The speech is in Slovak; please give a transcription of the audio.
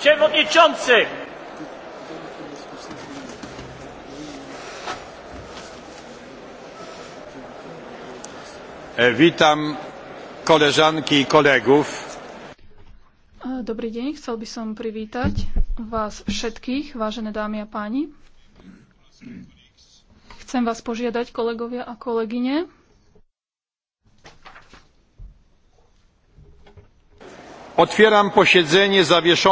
Przewodniczący! E, witam koleżanki i kolegów. E, Dobrý deň, chcel by som privítať vás všetkých, vážené dámy a páni. Chcem vás požiadať, kolegovia a kolegyne, Otwieram posiedzenie zawieszone.